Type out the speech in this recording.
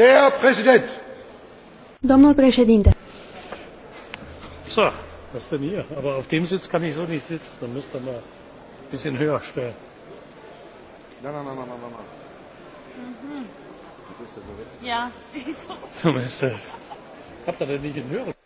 Domnule Präsident. Domnul președinte. So, was denn hier? Aber auf dem Sitz kann ich so nicht sitzen. Da müsst ihr mal ein bisschen höher stellen. Nein, nein, nein, nein, nein, nein. Mhm. Ja, da? wieso? Habt ihr denn nicht einen höheren?